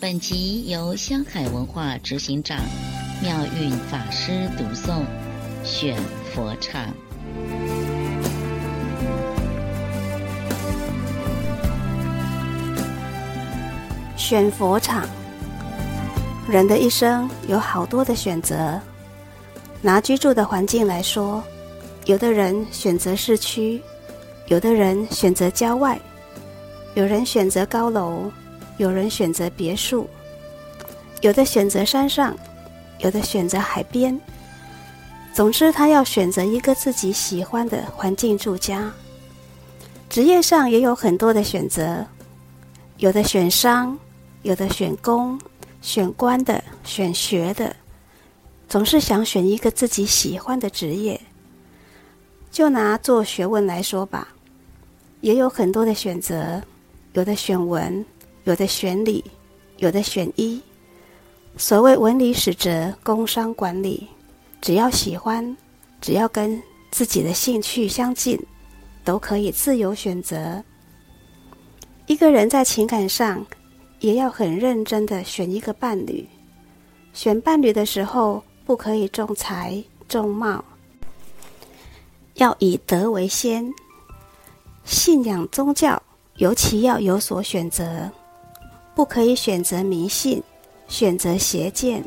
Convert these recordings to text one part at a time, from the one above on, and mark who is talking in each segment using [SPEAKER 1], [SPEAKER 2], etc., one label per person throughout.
[SPEAKER 1] 本集由香海文化執行長妙運法師讀誦。選佛場、
[SPEAKER 2] 選佛場。人的一生有好多的選擇。拿居住的環境來說，有的人選擇市區，有的人選擇郊外，有人選擇高樓。有人選擇別墅，有的選擇山上，有的選擇海邊。總之，他要選擇一個自己喜歡的環境住家。職業上也有很多的選擇，有的選商，有的選工，選官的，選學的，總是想選一個自己喜歡的職業。就拿做學問來說吧，也有很多的選擇，有的選文。有的選理，有的選醫。所謂文理史哲、工商管理，只要喜歡，只要跟自己的興趣相近，都可以自由選擇。一個人在情感上也要很認真的選一個伴侶。選伴侶的時候，不可以重財重貌，要以德為先。信仰宗教，尤其要有所選擇。不可以選擇迷信，選擇邪見。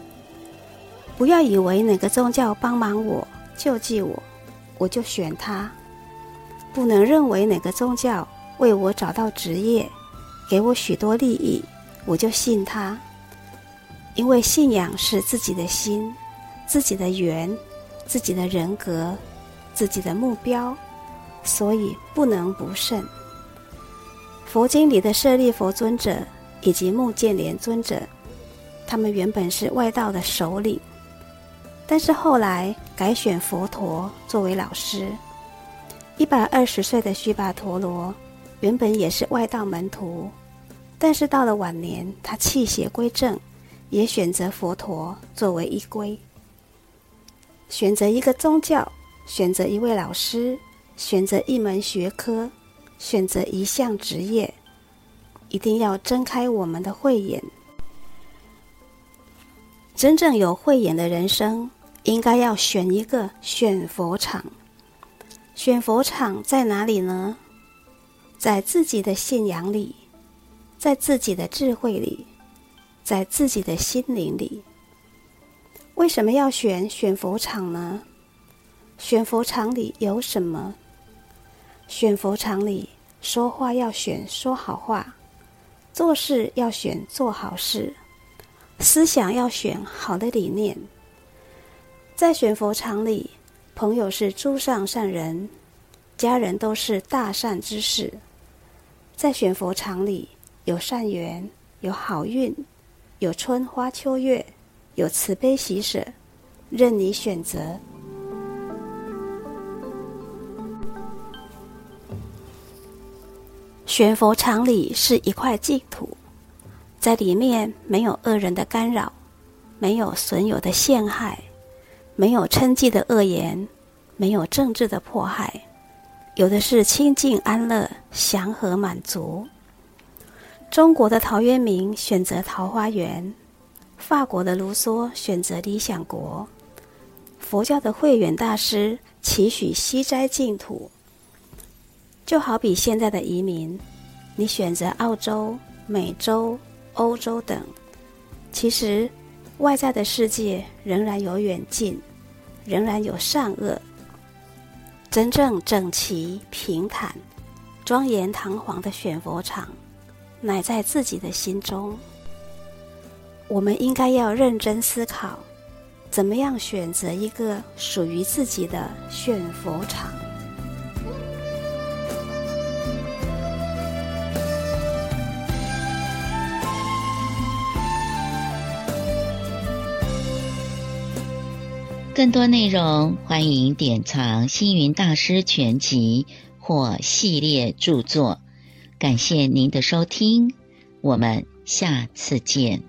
[SPEAKER 2] 不要以為哪個宗教幫忙我、救濟我，我就選他，不能認為哪個宗教為我找到職業，給我許多利益，我就信他，因為信仰是自己的心、自己的緣、自己的人格、自己的目標，所以不能不慎。佛經裡的舍利弗尊者，以及目犍連尊者，他們原本是外道的首領，但是後來改選佛陀作為老師。一百二十歲的須跋陀羅原本也是外道門徒，但是到了晚年，他棄邪歸正，也選擇佛陀作為依歸。選擇一個宗教，選擇一位老師，選擇一門學科，選擇一項職業，一定要睜開我們的慧眼。真正有慧眼的人生，應該要選一個選佛場。選佛場在哪裡呢？在自己的信仰裡，在自己的智慧裡，在自己的心靈裡。為什麼要選選佛場呢？選佛場裡有什麼？選佛場裡說話要選說好話，做事要選做好事，思想要選好的理念。在選佛場裡，朋友是諸上善人，家人都是大善知識。在選佛場裡，有善緣，有好運，有春花秋月，有慈悲喜捨，任你選擇。選佛場裡是一塊淨土，在裡面沒有惡人的干擾，沒有損友的陷害，沒有嗔忌的惡言，沒有政治的迫害，有的是清淨安樂、祥和滿足。中國的陶淵明選擇桃花源，法國的盧梭選擇理想國，佛教的慧遠大師期許西齋淨土。就好比現在的移民，你選擇澳洲、美洲、歐洲等，其實外在的世界仍然有遠近，仍然有善惡。真正整齊、平坦、莊嚴、堂皇的選佛場，乃在自己的心中。我們應該要認真思考，怎麼樣選擇一個屬於自己的選佛場。
[SPEAKER 1] 更多內容，歡迎典藏《星雲大師全集》或系列著作。感謝您的收聽，我們下次見。